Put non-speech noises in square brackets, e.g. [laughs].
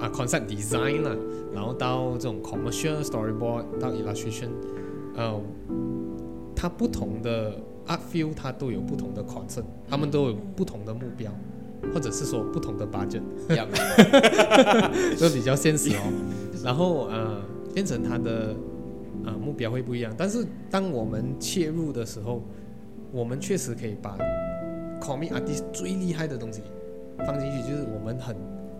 啊 concept design 啦，然後到這種 commercial storyboard 到 illustration，呃，它不同的 art field 它都有不同的 concept，他們都有不同的目標，或者是說不同的 budget，比較，都比較現實哦。 [laughs] 然後呃，變成它的呃目標會不一樣，但是當我們切入的時候，我們確實可以把 comic artist 最厲害的東西放進去，就是我們很，